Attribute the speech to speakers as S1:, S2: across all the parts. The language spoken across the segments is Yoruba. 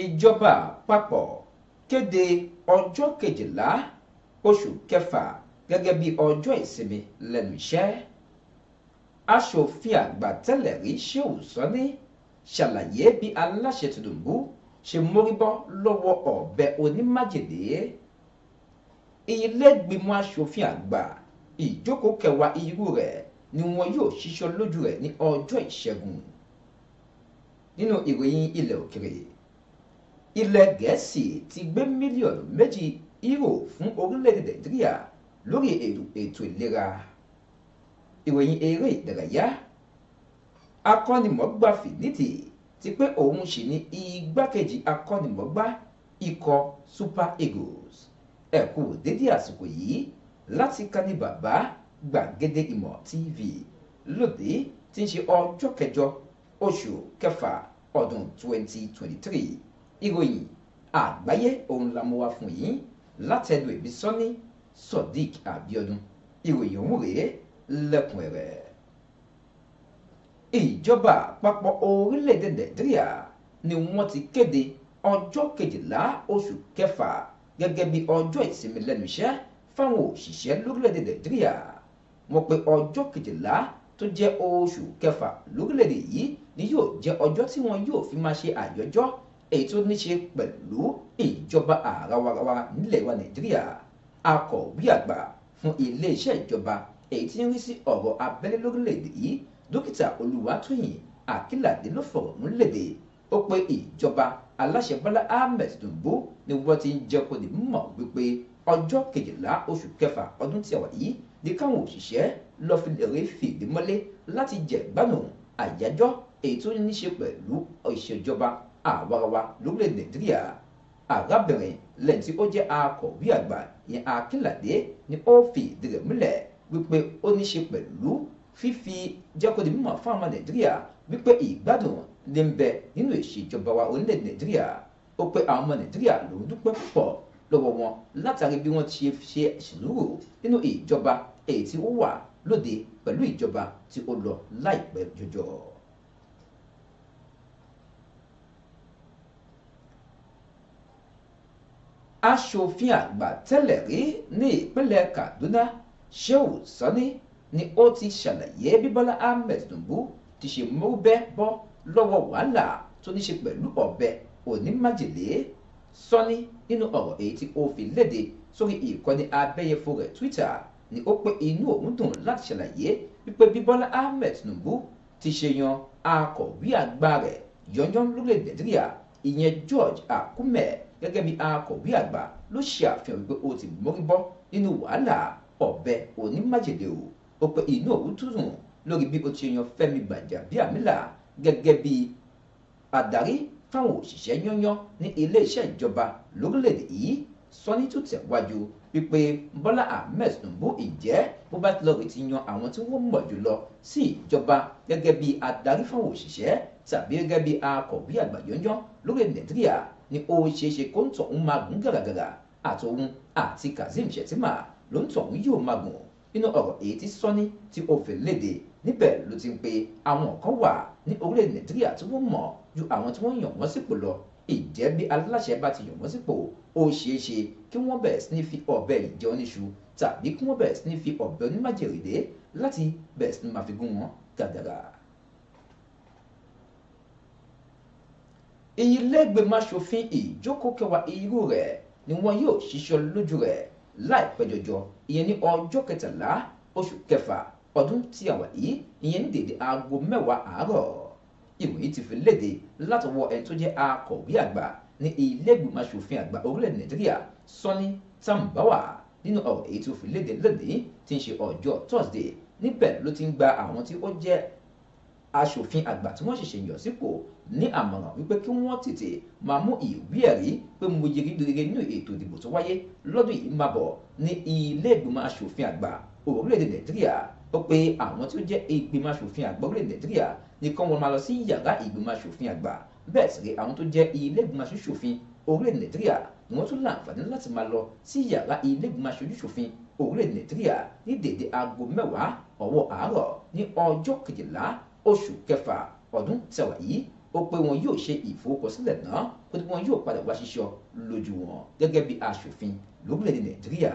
S1: ìjọba àpapọ̀ kéde ọjọ́ kejìlá oṣù kẹfà gẹ́gẹ́ bí ọjọ́ ìsinmi lẹ́nu iṣẹ́ aṣòfin àgbà tẹ́lẹ̀ rí Shehu Sani ṣàlàyé bí aláṣẹ Tinubu ṣe móríbọ́ lọ́wọ́ ọ̀bẹ onímájèlé ilégbìmọ̀ aṣòfin àgbà ìjókòó kẹwàá irú rẹ̀ ni wọn yóò ṣiṣọ́ lójú rẹ̀ ní ọjọ́ ìṣẹ́gun nínú ìròyìn ilẹ̀ òkèrè ilẹ̀ gẹ̀ẹ́sì ti gbé mílíọ̀nù méjì euro fún orílẹ̀-èdè nàìjíríà lórí ètò ìlera ìròyìn eré ìdárayá akọ́nimọ̀ọ́gbá fìdítì ti pé òun sì ni igbákejì akọ́nimọ̀ọ́gbá ikọ̀ super eagles ẹ kú dédé àsìkò yìí láti kani bàbá gbàgede ìmọ̀ tv lóde tí ń ṣe ọjọ́ kẹjọ oṣù kẹfà ọdún 2023 ìròyìn àgbáyé òun la mú wá fún yín látẹ̀dù Ìbísọ́ní Sodiq Abiodun ìròyìn òun rèé lẹ́kùnrẹ́rẹ́ ìjọba àpapọ̀ orílẹ̀-èdè nàìjíríà ni wọ́n ti kéde ọjọ́ kejìlá oṣù kẹfà gẹ́gẹ́ bí ọjọ́ ìsinmi lẹ́nu iṣẹ́ fáwọn òṣìṣẹ́ lórílẹ̀-èdè nàìjíríà wọ́n pe ọjọ́ kejìlá tó jẹ́ oṣù kẹfà lórílẹ̀-èdè yìí ni yóò jẹ́ ọjọ́ tí wọ́n yóò fi máa ṣe àyọjọ́ èyí tó ní ṣe pẹ̀lú ìjọba àrawarawa nílẹ̀ wa nàìjíríà akọ̀wé àgbà fún iléeṣẹ́ ìjọba èyí tí ń rí sí ọ̀rọ̀ abẹ́lé lórílẹ̀‐èdè yìí dókítà olùwàtúyìn àkìlàdé ló fọ̀rọ̀ múlẹ̀dẹ̀ ó pé ìjọba aláṣẹ bọ́lá ahmed tinubu ni wọ́n ti ń jẹ́ kó di mọ̀ wípé ọjọ́ kejìlá oṣù kẹfà ọdún tí a wà yìí ni káwọn òṣìṣẹ́ lọ́ọ́ fi lè rí fìdí láti jẹ̀gbánu àyájọ́ èyí tó ní ṣe pẹ̀lú ìṣèjọba àwarawa lórílẹ̀ nàìjíríà arábìnrin lẹ́yìn tí ó jẹ́ akọ̀wé àgbà ìyẹn akínládé ni ó fi ìdí rẹ̀ múlẹ̀ wípé ó ní ṣe pẹ̀lú fífi jẹ́ kó di mímọ̀ fún àwọn nàìjíríà wípé ìgbádùn ní ń bẹ nínú ìṣèjọba wa orílẹ̀ nàìjíríà ó pé àwọn ọmọ nàìjíríà lòún dúpẹ́ púpọ̀ lọ́wọ́ wọn látàrí bí wọ́n ti ṣe sùúrù nínú ìjọba èyí tí ó wà lóde pẹ̀lú ìjọba tí ó lọ láìpẹ́ jọjọ. aṣòfin àgbà tẹ́lẹ̀ rí ní ìpínlẹ̀ Kaduna Shehu Sani ni ó ti ṣàlàyé bí Bọ́lá Ahmed Tinubu ti ṣe múbẹ́ bọ́ lọ́wọ́ wàhálà tó ní ṣe pẹ̀lú ọ̀bẹ onímájèlé Sani nínú ọ̀rọ̀ èyí tí ó fi léde sórí ìkànnì abẹ́yẹfò rẹ̀ Twitter ni ó pé inú òun dùn láti ṣàlàyé wípé bí Ahmed Tinubu ti ṣe yan akọ̀wé àgbà rẹ̀ yọ̀nyọ́n lórílẹ̀ Nàìjíríà ìyẹn George Akume gẹ́gẹ́ bí akọ̀wé àgbà ló ṣe àfihàn wípé ó ti mórí bọ́ nínú wàhálà ọ̀bẹ onímájèlé o ó pé inú òun tútùn lórí bí ó ti yan Fẹ́mi Gbàjàbíàmílà gẹ́gẹ́ bí adarí fáwọn òṣìṣẹ́ yányán ní iléeṣẹ́ ìjọba lórílẹ̀ yìí sọ ní tó tẹ̀wájú wípé Bọ́lá Ahmed Tinubu ìjẹ́ bó bá ti lọ rè ti yan àwọn tí wọ́n mọ̀ jùlọ sí ìjọba gẹ́gẹ́ bí adarí fáwọn òṣìṣẹ́ tàbí gẹ́gẹ́ bí akọ̀wé àgbà yọ̀nyán lórí Nàìjíríà ni ó ṣeé ṣe kó ń tọ̀ ń máa gùn gàràgàrà àtòun àti Kazeem Shettima ló ń tọ̀ ń yóò máa gùn nínú ọ̀rọ̀ èyí tí sọ́ni tí ó fi léde níbẹ̀ ló ti ń pe àwọn kan wà ní orílẹ̀ Nàìjíríà tí wọ́n mọ̀ ju àwọn tí wọ́n yàn wọ́n sípò lọ ìjẹ́ bí aláṣẹ bá ti yàn wọ́n sípò ó ṣeé ṣe kí wọ́n bẹ̀rẹ̀ sí ní fi ọ̀bẹ ìjẹ oníṣu tàbí kí wọ́n bẹ̀rẹ̀ sí ní fi ọ̀bẹ onímájèrèdé láti bẹ̀rẹ̀ sí ní máa fi gún wọn gàgàrà. ilégbèmọ̀ aṣòfin ìjókòó kẹwàá irú rẹ̀ ni wọn yóò ṣiṣọ́ lójú rẹ̀ láìpẹ́ jọjọ ìyẹn ní ọjọ́ kẹtàlá oṣù kẹfà ọdún tí a wà yìí ìyẹn ní dédé aago mẹ́wàá àárọ̀ ìwé ti fi léde látọwọ́ ẹni tó jẹ́ akọ̀wé àgbà ní ilégbìmọ̀ aṣòfin àgbà orílẹ̀ nàìjíríà Sani Tambawa nínú ọ̀rọ̀ èyí tó fi léde lónìí tí ń ṣe ọjọ́ Thursday níbẹ̀ ló ti ń gba àwọn tí ó jẹ́ aṣòfin àgbà tí wọ́n ṣẹ̀ṣẹ̀ yàn sípò ní àmọ̀ràn wípé kí wọ́n tètè máa mú ìwé ẹ̀rí pé mo yege gẹ́gẹ́ nínú ètò ìdìbò tó wáyé lọ́dún yìí máa bọ̀ ní ilé ìgbìmọ̀ aṣòfin àgbà orílẹ̀-èdè nàìjíríà ó pé àwọn tí ó jẹ́ ìgbìmọ̀ asòfin àgbà orílẹ̀ nàìjíríà nìkan wọn máa lọ sí yàrá ìgbìmọ̀ asòfin àgbà bẹ́ẹ̀ sì rèé àwọn tó jẹ́ ilé ìgbìmọ̀ asòfin orílẹ̀ nàìjíríà ni wọ́n tún láǹfààní láti máa lọ sí yàrá ilé ìgbìmọ̀ asòfin orílẹ̀ nàìjíríà ní déédé aago mẹ́wàá ọwọ́ àárọ̀ ní ọjọ́ kejìlá oṣù kẹfà ọdún tẹwà yìí ó pé wọn yóò ṣe ìforúkọsílẹ̀ náà pé wọn yóò padà wá ṣiṣọ́ lójú wọn gẹ́gẹ́ bí asòfin lórílẹ̀ nàìjíríà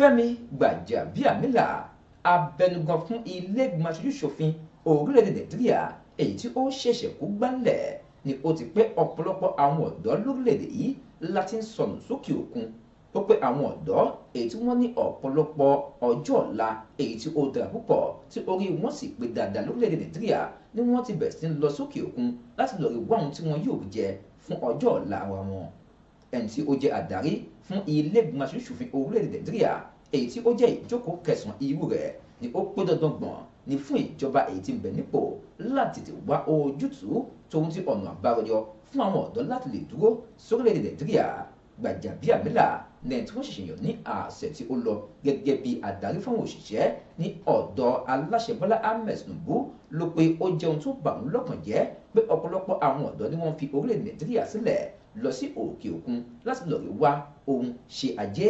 S1: fẹ́mi gbàjàbíàmílà abẹnugan fún ilé ìgbìmọ̀ aṣojú ṣòfin orílẹ̀-èdè nàìjíríà èyí tí ó ṣẹ̀ṣẹ̀ kú gbálẹ̀ ni ó ti pé ọ̀pọ̀lọpọ̀ àwọn ọ̀dọ́ lórílẹ̀-èdè yìí láti ń sọnù sókè òkun ó pé àwọn ọ̀dọ́ èyí tí wọ́n ní ọ̀pọ̀lọpọ̀ ọjọ́ ọ̀la èyí tí ó dára púpọ̀ tí orí wọn sì pé dáadáa lórílẹ̀‐èdè nàìjíríà ni wọ́n ti bẹ̀rẹ̀ sí ń lọ sókè òkun láti lọ́ọ́ rí wá ohun tí wọn yóò jẹ fún ọjọ́ ọ̀la ara wọn ẹni tí ó jẹ́ àdarí fún ilé ìgbìmọ̀ aṣojú ṣòfin orílẹ̀-èdè nàìjíríà èyí tí ó jẹ́ ìjókòó kẹsàn-án irú rẹ̀ ni ó pé dandan gbọ̀n ni fún ìjọba èyí tí ń bẹ nípò láti tètè wá ojútùú tóun ti ọ̀nà àbáyọ fún àwọn ọ̀dọ́ láti lè dúró sórílẹ̀-èdè nàìjíríà Gbajabiamila lẹ́yìn tí wọ́n ṣẹ̀ṣẹ̀ yàn ní àṣẹ tí ó lọ gẹ́gẹ́ bí adarí fáwọn òṣìṣẹ́ ní ọ̀dọ̀ aláṣẹ Bọ́lá Ahmed Tinubu ló pé ó jẹ́ tó bà wọ́n lọ́kàn jẹ́ pé ọ̀pọ̀lọpọ̀ àwọn ọ̀dọ́ ni wọ́n fi orílẹ̀ nàìjíríà sílẹ̀ lọ sí òkè òkun láti lọ rí wá ohun ṣe ajé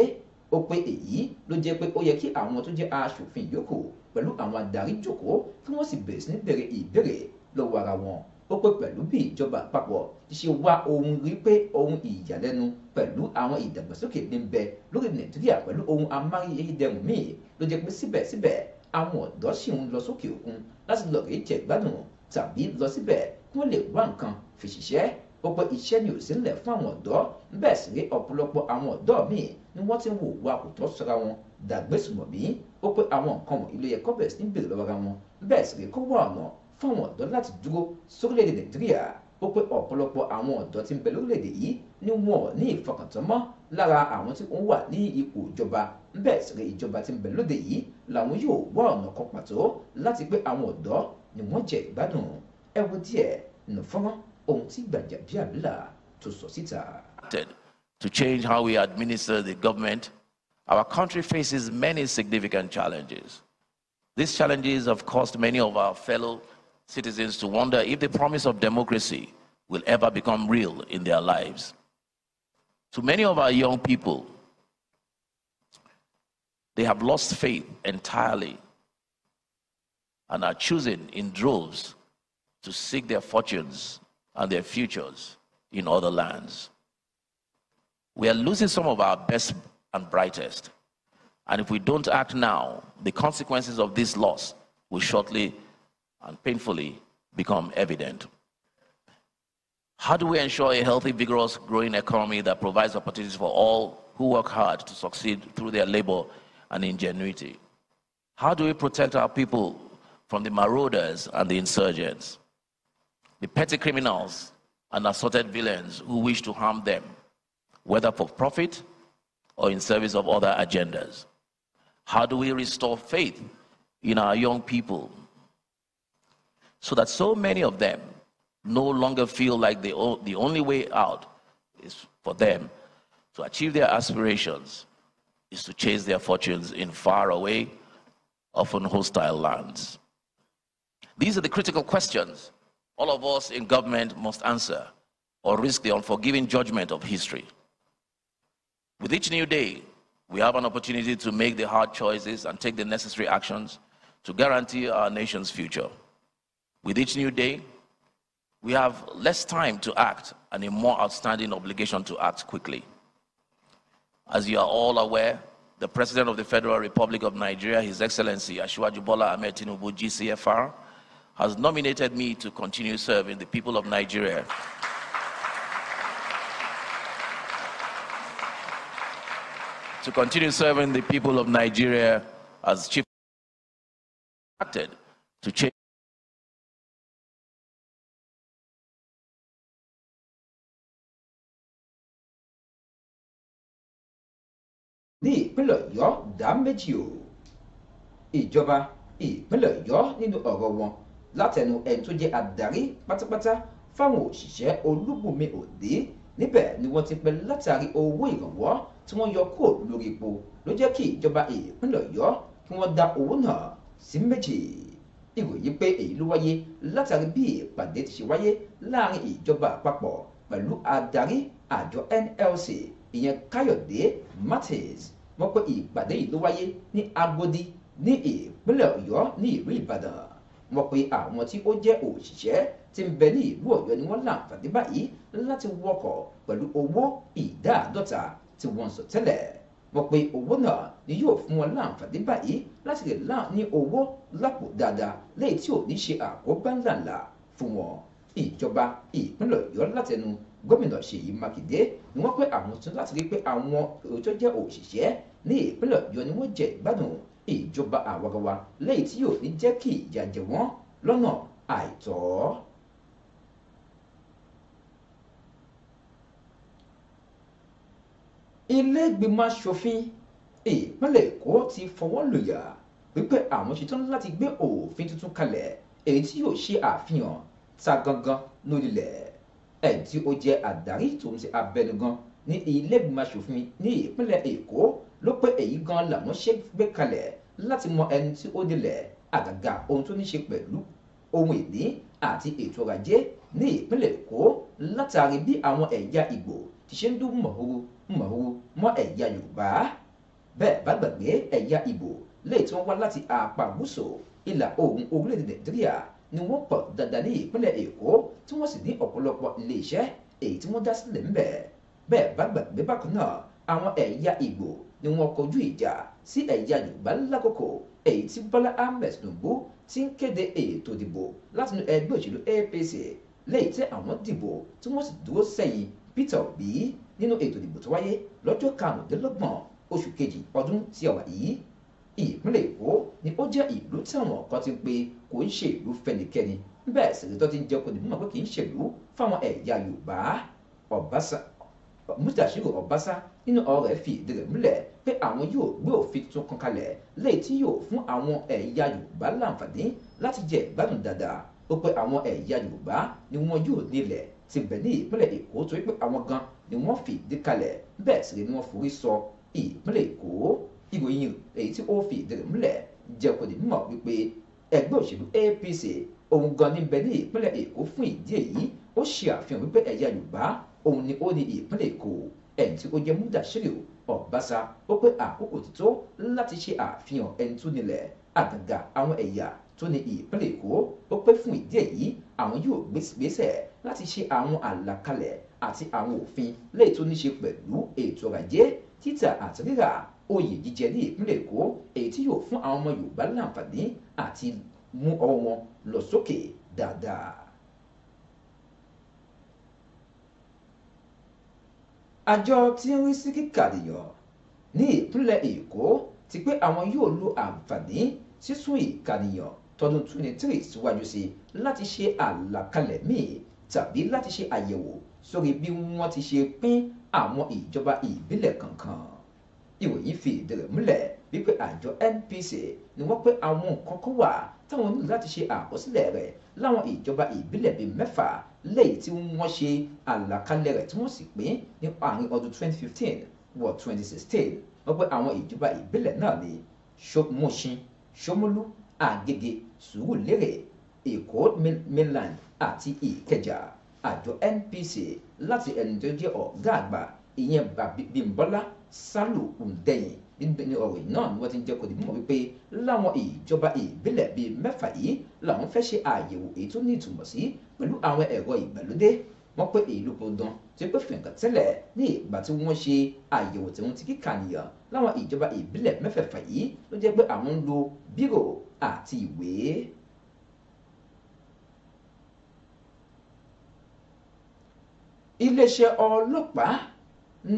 S1: ó pé èyí ló jẹ́ pé ó yẹ kí àwọn tó jẹ́ aṣòfin yòókù pẹ̀lú àwọn adarí jókòó kí wọ́n sì bẹ̀rẹ̀ sí ní ìbéèrè lọ́wọ́ ara wọn ó pé pẹ̀lú bí ìjọba àpapọ̀ ti ṣe wá ohun rí pé ohun ìyàlẹ́nu pẹ̀lú àwọn ìdàgbàsókè ní bẹ lórí nàìjíríà pẹ̀lú ohun amáyédẹrùn míì ló jẹ́ pé síbẹ̀síbẹ̀ àwọn ọ̀dọ́ sì ń lọ sókè òkun láti lọ rèé jẹ ìgbádùn tàbí lọ síbẹ̀ kí wọ́n lè wá nǹkan fi ṣiṣẹ́ gbogbo iṣẹ́ ni ò sí ńlẹ̀ fún àwọn ọ̀dọ́ bẹ́ẹ̀ sì rí ọ̀pọ̀lọpọ̀ àwọn ọ̀dọ́ míì ni wọ́n ti ń wò wá kò tọ́ sọ́ra wọn dàgbésùmọ̀mí ó pé àwọn nǹkan wọ̀nyí ló yẹ kọ́bẹ̀ sí ń bèrè lọ́wọ́ wọn bẹ́ẹ̀ sì rí kó wọ́n ọ̀nà fún àwọn ọ̀dọ́ láti dúró sórílẹ̀-èdè nàìjíríà ó pé ọ̀pọ̀lọpọ̀ àwọn ọ̀dọ́ tí ń bẹ lórílẹ̀-èdè yìí ni wọn ò ní ìfọkàntán mọ́ lára àwọn tí wọ́n wà ní ipò ìjọba bẹ́ẹ̀ sì rẹ̀ ìjọba tí ń bẹ lóde yìí làwọn yóò wá ọ̀nà kan pàtó láti àwọn ọ̀dọ́ ni wọ́n jẹ ìgbádùn ẹ wo díẹ̀ nù fọ́nrán ohun tí tó sọ síta.
S2: To change how we administer the government, our country faces many significant challenges. These challenges have caused many of our fellow citizens to wonder if the promise of democracy will ever become real in their lives. To many of our young people, they have lost faith entirely and are choosing in droves to seek their fortunes and their futures in other lands. We are losing some of our best and brightest. And if we don't act now, the consequences of this loss will shortly and painfully become evident. How do we ensure a healthy, vigorous, growing economy that provides opportunities for all who work hard to succeed through their labor and ingenuity. How do we protect our people from the marauders and the insurgents, the petty criminals and assorted villains who wish to harm them, whether for profit or in service of other agendas? How do we restore faith in our young people so that so many of them no longer feel like the, the only way out is for them to achieve their aspirations is to chase their fortunes in faraway, often hostile lands. These are the critical questions all of us in government must answer or risk the unforgiving judgment of history. With each new day, we have an opportunity to make the hard choices and take the necessary actions to guarantee our nation's future. With each new day, we have less time to act and a more outstanding obligation to act quickly. As you are all aware, the President of the Federal Republic of Nigeria, His Excellency Ashwaju Bola Ahmed GCFR, has nominated me to continue serving the people of Nigeria. to continue serving the people of Nigeria as chief acted to change
S1: ní ìpínlẹ̀ ọ̀yọ́ dá méjì o ìjọba ìpínlẹ̀ ọ̀yọ́ nínú ọ̀rọ̀ wọn látẹnu ẹni tó jẹ́ adarí pátápátá fáwọn òṣìṣẹ́ olúbùnmi òde níbẹ̀ ni wọ́n ti pẹ́ látàrí owó ìrànwọ́ tí wọ́n yọ kúrò lórí epo ló jẹ́ kí ìjọba ìpínlẹ̀ ọ̀yọ́ kí wọ́n dá owó náà sí méjì ìròyìn pé èyí ló wáyé látàrí bí ìpàdé ti ṣe wáyé láàrin ìjọba àpapọ̀ pẹ̀lú adarí àjọ NLC ìyẹn káyọ̀dé martins wọ́n pé ìpàdé yìí ló wáyé ní agodi ní ìpínlẹ̀ ọ̀yọ́ ní ìlú ìbàdàn wọ́n pé àwọn tí ó jẹ́ òṣìṣẹ́ tí ń bẹ ní ìlú ọ̀yọ́ ni wọ́n láǹfààní báyìí láti wọkọ̀ pẹ̀lú owó ìdá àádọ́ta tí wọ́n sọ tẹ́lẹ̀ wọ́n pé owó náà ni yóò fún wọn láǹfààní báyìí láti lè láà ní owó lápò dáadáa léyìí tí ò ní ṣe àkóbá ńláńlá fún wọn ìjọba ìpínlẹ̀ ọ̀yọ́ látẹnu gómìnà ṣèyí mákindé ni wọ́n pé àwọn tún láti rí pé àwọn tó jẹ́ òṣìṣẹ́ ní ìpínlẹ̀ ọ̀yọ́ ni wọ́n jẹ ìgbádùn ìjọba àwarawa lẹ́yìn tí yóò ní jẹ́ kí ìyà jẹ wọ́n lọ́nà àìtọ́. ilé asòfin ìpínlẹ̀ èkó ti fọwọ́ lòyà wípé àwọn ṣetán láti gbé òfin tuntun kalẹ̀ èyí tí yóò ṣe àfihàn ta gangan lórílẹ̀ ẹni tí ó jẹ́ àdarí tòun ṣe abẹnugan ní ilé ìgbìmọ̀ asòfin ní ìpínlẹ̀ èkó ló pé èyí gan làwọn ṣe gbé kalẹ̀ láti mọ ẹni tí ó dilẹ̀ àgàgà ohun tó ní ṣe pẹ̀lú ohun ìní àti ètò ọrọ̀ ajé ní ìpínlẹ̀ èkó látàrí bí àwọn ẹ̀yà ìgbò ti ṣe ń dún mọ̀húrú mọ̀húrú mọ́ ẹ̀yà yorùbá bẹ́ẹ̀ bá gbàgbé ẹ̀yà ìgbò lè tí wọ́n wá láti àpá gúúsù ìlà oòrùn orílẹ̀-èdè nàìjíríà ni wọ́n pọ̀ dandan ní ìpínlẹ̀ èkó tí wọ́n sì ní ọ̀pọ̀lọpọ̀ iléeṣẹ́ èyí tí wọ́n dá sílẹ̀ ńbẹ̀ bẹ́ẹ̀ bá gbàgbé bákan náà àwọn ẹ̀yà ìgbò ni wọ́n kọjú ìjà sí ẹ̀yà yorùbá lákòókò èyí tí bọ́lá ahmed tinubu ti ń kéde ètò ìdìbò látinú ẹgbẹ́ òṣèlú apc lẹ́yìn tí àwọn dìbò tí wọ́n sì dúró sẹ́yìn peter obi nínú ètò ìdìbò tó wáyé lọ́jọ́ karùndínlọ́gbọ̀n oṣù kejì ọdún tí a yìí ìpínlẹ̀ èkó ni ó jẹ́ ìlú tí àwọn kan ti pé kò ń ṣe ìlú fẹnikẹ́ni bẹ́ẹ̀ sì tó ti ń jẹ́ kó di mímọ̀ pé kì í ṣèlú fáwọn ẹ̀yà yorùbá ọ̀básà mùsàṣírò ọ̀básà nínú ọ̀rọ̀ rẹ̀ fi ìdí rẹ̀ múlẹ̀ pé àwọn yóò gbé òfin tuntun kan kalẹ̀ léyìí tí yóò fún àwọn ẹ̀yà yorùbá láǹfààní láti jẹ ìgbádùn dáadáa ó pé àwọn ẹ̀yà yorùbá ni wọn yóò nílẹ̀ ti bẹ̀ ní ìpínlẹ̀ èkó torí pé àwọn gan ni wọ́n fi ìdí kalẹ̀ bẹ́ẹ̀ sì ni wọ́n forí sọ ìpínlẹ̀ èkó ibo yìnyín èyí tí ó fi ìdílé múlẹ̀ jẹ́ kó lè wípé ẹgbẹ́ òṣèlú APC òun gan ní bẹ ní ìpínlẹ̀ Èkó fún ìdí èyí ó ṣe àfihàn wípé ẹ̀yà Yorùbá òun ni ó ní ìpínlẹ̀ Èkó ẹni tí ó jẹ́ Múdàṣírí Ọ̀básà ó pé àkókò ti tó láti ṣe àfihàn ẹni tó nílẹ̀ àgàgà àwọn ẹ̀yà tó ní ìpínlẹ̀ Èkó ó pé fún ìdí èyí àwọn yóò gbéṣẹ̀ láti ṣe àwọn àlàkalẹ̀ àti àwọn òfin léè tó ní ṣe pẹ̀lú ètò ọrọ̀ ajé títà àti rírà oyè jíjẹ ní ìpínlẹ̀ èkó èyí tí yóò fún àwọn ọmọ yorùbá láǹfààní àti mú ọwọ́ wọn lọ sókè dáadáa. àjọ tí ń rí sí kíkàdìyàn ní ìpínlẹ̀ èkó ti pé àwọn yóò lo àǹfààní sísún ìkànìyàn tọdún 23 síwájú sí láti ṣe àlàkalẹ̀ míì tàbí láti ṣe àyẹ̀wò sórí bí wọ́n ti ṣe pín àwọn ìjọba ìbílẹ̀ kankan ìwò yìí fi ìdí rẹ̀ múlẹ̀ wípé àjọ NPC ni wọ́n pé àwọn nǹkan kan wà táwọn nílò láti ṣe àkọsílẹ̀ rẹ̀ láwọn ìjọba ìbílẹ̀ bíi mẹ́fà lẹ́yìn tí wọ́n ṣe àlàkalẹ̀ rẹ̀ tí wọ́n sì pín ní àárín ọdún 2015 wọ 2016 wọ́n pé àwọn ìjọba ìbílẹ̀ náà ni Mushin Ṣómólú Àgègè Sùúrùlérè Èkó mainland àti Ìkẹjà àjọ NPC láti ẹni tó jẹ́ ọ̀gá àgbà ìyẹn Bímbọ́lá Sálòkùndẹ̀yìn níbi ọ̀rọ̀ yìí náà ni wọ́n ti ń jẹ́ kó di mímọ̀ wípé láwọn ìjọba ìbílẹ̀ bíi mẹ́fà yìí làwọn fẹ́ ṣe àyẹ̀wò èyí tó ní ìtumọ̀ sí pẹ̀lú àwọn ẹ̀rọ ìgbàlódé wọ́n pé èyí ló pọ̀dán tí pé fìǹkà tẹ́lẹ̀ ní ìgbà tí wọ́n ṣe àyẹ̀wò tẹ̀wọ́n ti kíkà nìyàn láwọn ìjọba ìbílẹ̀ mẹ́fẹ̀ẹ̀fà yìí ló jẹ́ pé àwọn ń lo bírò àti ìwé iléeṣẹ́ ọlọ́pàá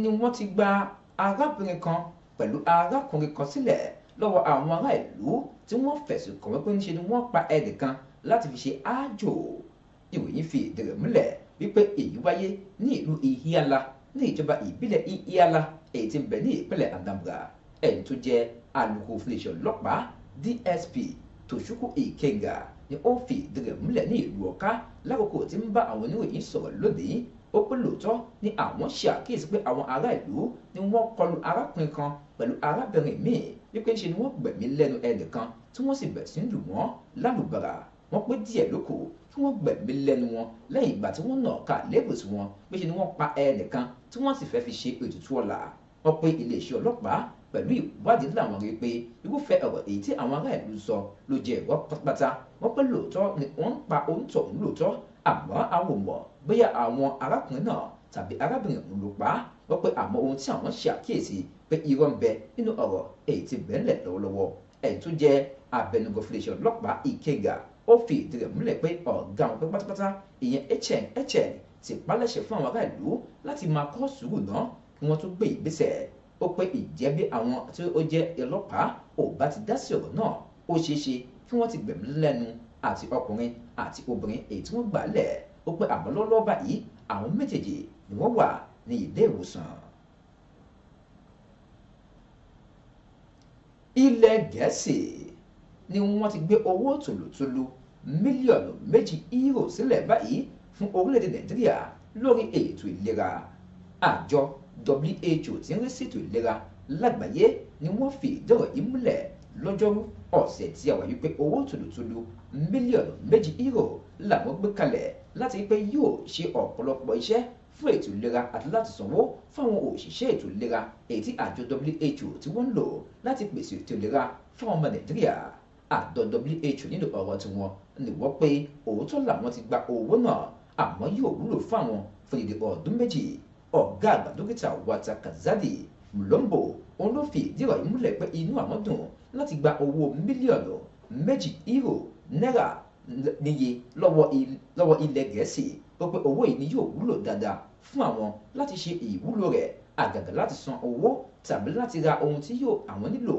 S1: ni wọ́n ti gba arábìnrin kan pẹ̀lú arákùnrin kan sílẹ̀ lọ́wọ́ àwọn ará ìlú tí wọ́n fẹ̀sùn kàn wípé níṣe ni wọ́n pa ẹnìkan láti fi ṣe ájò ìròyìn fi ìdí rẹ̀ múlẹ̀ wípé èyí wáyé ní ìlú Ihiala ní ìjọba ìbílẹ̀ Ihiala èyí tí ń bẹ ní ìpínlẹ̀ Anambra ẹni tó jẹ́ alukó fúnléṣẹ́ ọlọ́pàá DSP Toshukwu Ikenga ni ó fi ìdí rẹ̀ múlẹ̀ ní ìlú Ọ̀ká lákòókò tí ń bá àwọn oníròyìn sọ̀rọ̀ lónìí ó pé lóòótọ́ ni àwọn ṣe àkíyèsí pé àwọn ará ìlú ni wọ́n kọlù arákùnrin kan pẹ̀lú arábìnrin míì wípé ńṣe ni wọ́n gbẹ̀mí lẹ́nu ẹnìkan tí wọ́n sì bẹ̀ sí lù wọ́n lálùbàrà wọ́n pé díẹ̀ lóko tí wọ́n gbẹ̀mí lẹ́nu wọn lẹ́yìn ìgbà tí wọ́n nà ká lébùsùn wọn pé ṣe ni wọ́n pa ẹnìkan tí wọ́n sì fẹ́ fi ṣe ètùtù ọ̀la wọ́n pé iléeṣẹ́ ọlọ́pàá pẹ̀lú ìwádìí làwọn rí pé irúfẹ́ ọ̀rọ̀ èyí tí àwọn ará ìlú sọ ló jẹ́ ìwọ́ pátápátá wọ́n pé lóòótọ́ ni wọ́n ń pa oúntọ̀ lóòótọ́ àmọ́ a ò mọ̀ bóyá àwọn arákùnrin náà tàbí arábìnrin ọ̀hún ló pa á wọ́n pé àmọ́ ohun tí àwọn ṣe àkíyèsí pé irọ́ ń bẹ nínú ọ̀rọ̀ èyí tí bẹ́ńlẹ̀ lọ́wọ́lọ́wọ́ ẹ̀yìn tó jẹ́ abẹnugan fúnléṣẹ́ ọlọ́pàá ìkẹgà ó fi ìdí rẹ̀ múlẹ̀ pé ọ̀gá wọn pé pátápátá ìyẹn hn hn ti pálẹ̀ṣẹ̀ fún àwọn ará ìlú láti máa kọ́ sùúrù náà kí wọ́n tún gbé ìgbésẹ̀ ó pé ìjẹ́ àwọn tí ó jẹ́ ọlọ́pàá ò bá ti dá sí ọ̀rọ̀ náà ó ṣeé ṣe kí wọ́n ti gbẹ̀mí lẹ́nu àti ọkùnrin àti obìnrin èyí tí wọ́n gbà lẹ̀ ó pé àmọ́ lọ́lọ́ báyìí àwọn méjèèjì ni wọ́n wà ní ilé ìwòsàn. ilẹ̀ gẹ̀ẹ́sì ni wọ́n ti gbé owó tòlótòló mílíọ̀nù méjì euro sílẹ̀ báyìí fún orílẹ̀-èdè nàìjíríà lórí ètò ìlera àjọ WHO tí ń rí sí ètò ìlera lágbàáyé ni wọ́n fi ìdọ̀rọ̀ yìí múlẹ̀ lọ́jọ́rú ọ̀sẹ̀ tí a wà yìí pé owó tòlótòló mílíọ̀nù méjì euro làwọn gbé kalẹ̀ láti pé yóò ṣe ọ̀pọ̀lọpọ̀ iṣẹ́ fún ètò ìlera àti láti sanwó fáwọn òṣìṣẹ́ ètò ìlera èyí tí àjọ WHO tí wọ́n ń lò láti pèsè ètò ìlera fáwọn ọmọ Nàìjíríà àjọ WHO nínú ọ̀rọ̀ tiwọn ni wọ́n pé òótọ́ làwọn ti gba owó náà àmọ́ yóò wúlò fáwọn fún ìdí ọdún méjì ọ̀gá àgbà wata Kazadi Mulombo òun ló fi ìdí ọ̀rọ̀ yìí múlẹ̀ pé inú àwọn dùn láti gba owó mílíọ̀nù méjì euro náírà níye lọ́wọ́ ilẹ̀ gẹ̀ẹ́sì ó pé owó yìí ni yóò wúlò dáadáa fún àwọn láti ṣe ìwúlò rẹ̀ àgàgà láti san owó tàbí láti ra ohun tí yóò àwọn nílò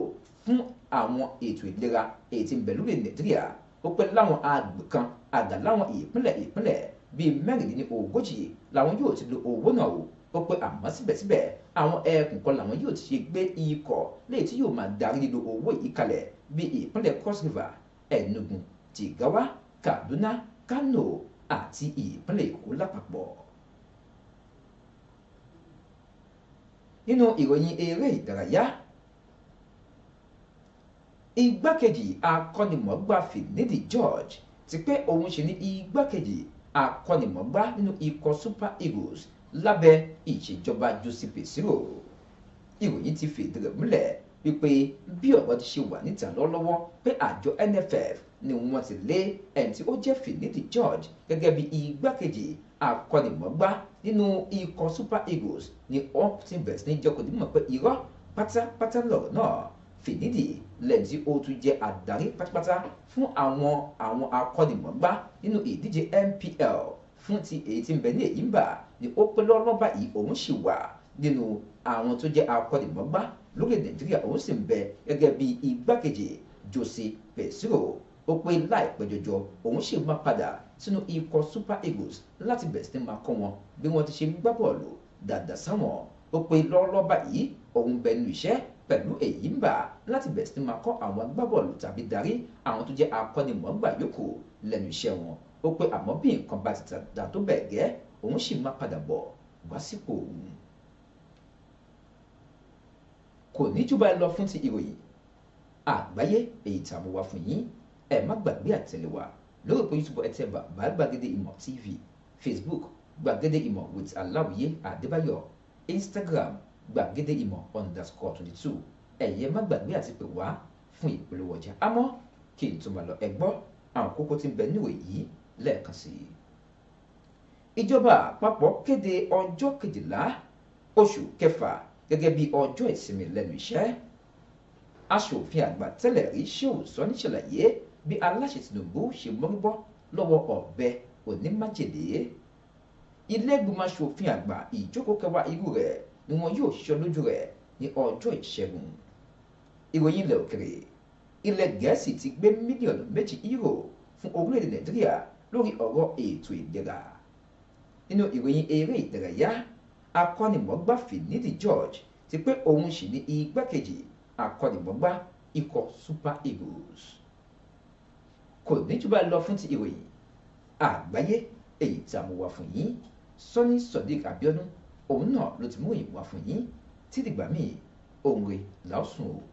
S1: fún àwọn ètò ìlera èyí tí ń bẹ lórí nàìjíríà ó pẹ́ láwọn àgbè kan àgà láwọn ìpínlẹ̀ ìpínlẹ̀ bíi mẹ́rìndínlógójì làwọn yóò ti lo owó náà o ó pẹ́ àmọ́ síbẹ̀síbẹ̀ àwọn ẹkùn kan làwọn yóò ti ṣe gbé ikọ̀ léyìí tí yóò máa darí lílo owó yìí kalẹ̀ bí ìpínlẹ̀ cross river enugu jigawa kaduna kano àti ìpínlẹ̀ èkó lápapọ̀. nínú ìròyìn eré ìdárayá igbákejì akọ́nimọ̀ọ́gbá finidi george ti pé òun ṣe ní igbákejì akọ́nimọ̀ọ́gbá nínú ikọ̀ super eagles lábẹ́ ìṣèjọba Joseph Pesiro ìròyìn ti fìdí rẹ̀ múlẹ̀ wípé bí ọ̀rọ̀ ti ṣe wà níta lọ́wọ́lọ́wọ́ pé àjọ NFF ni wọ́n ti lé ẹni tí ó jẹ́ Finidi George gẹ́gẹ́ bí igbákejì akọ́nìmọ̀gbá nínú ikọ̀ Super Eagles ni upton bẹ̀rẹ̀ ní jẹ́kọ̀ọ́ nímọ̀ pé irọ́ pátápátá lọ̀rọ̀ náà Finidi lẹ́yìn tí ó tún jẹ́ adarí pátápátá fún àwọn àwọn akọ́nìmọ̀gbá nínú ìdíje MPL fún ti èyí tí ń bẹ ní èyí ń bà ni ó pé lọ́rọ́ báyìí òun sì wà nínú àwọn tó jẹ́ akọ́nìmọ́gbá lókè nàìjíríà òun sì ń bẹ gẹ́gẹ́ bí igbákejì jose pesiro ó pé láìpẹ́ jọjọ òun sì máa padà sínú ikọ̀ super eagles láti bẹ̀rẹ̀ sí máa kọ́ wọn bí wọ́n ti ṣe ń gbá bọ́ọ̀lù dáadáa sáwọn ó pé lọ́rọ́ báyìí òun bẹ nu iṣẹ́ pẹ̀lú èyí ń bà láti bẹ̀rẹ̀ sí máa kọ́ àwọn agbábọ́ọ̀lù tàbí darí àwọn tó jẹ́ akọ́nimọ̀ọ́gbà yòókù lẹ́nu iṣẹ́ wọn ó pé àmọ́ bí nǹkan bá ti dà tó bẹ̀ gẹ́ òun sì máa padà bọ̀ wá sípò òun. kò ní jù báyìí lọ fún ti ìròyìn àgbáyé èyí tá a mú wá fún yín ẹ má gbàgbé àtẹ̀lé lórí pé youtube ẹtẹ bàbá gbàgede ìmọ̀ tv facebook gbàgede ìmọ̀ with aláwìyé adébáyọ̀ instagram gbàgede ìmọ̀ underscore twenty two ẹ̀yẹ má gbàgbé àti pè wá fún ìpolówó ọjà àmọ́ kí n tó máa lọ ẹ gbọ́ àwọn kókó tí ń bẹ níwèé yìí lẹ́ẹ̀kan sí i. ìjọba àpapọ̀ kéde ọjọ́ kejìlá oṣù kẹfà gẹ́gẹ́ bí ọjọ́ ìsinmi lẹ́nu iṣẹ́. aṣòfin àgbà tẹ́lẹ̀ rí Shehu Sani ṣàlàyé bí aláṣẹ Tinubu ṣe mọ́rúbọ́ lọ́wọ́ ọ̀bẹ onímájèlé ilé ìgbìmọ̀ aṣòfin àgbà ìjókòó kẹwàá irú rẹ̀ ni wọn yóò ṣiṣọ́ lójú rẹ̀ ní ọjọ́ ìṣẹ́gun ìròyìn ilẹ̀ òkèrè ilẹ̀ gẹ̀ẹ́sì ti gbé mílíọ̀nù méjì euro fún orílẹ̀-èdè nàìjíríà lórí ọ̀rọ̀ ètò ìlera nínú ìròyìn eré ìdárayá akọ́nimọ̀gbá Finidi George ti pé òun sì ní igbákejì akọ́nimọ̀gbá ikọ̀ Super Eagles kò ní jù bá lọ fún ti ìròyìn àgbáyé èyí tí a mú wá fún yín Sọ́ní Sodiq Abiodun òun náà ló ti mú ìwà fún yín títí gbà míì òun rè lásùn o.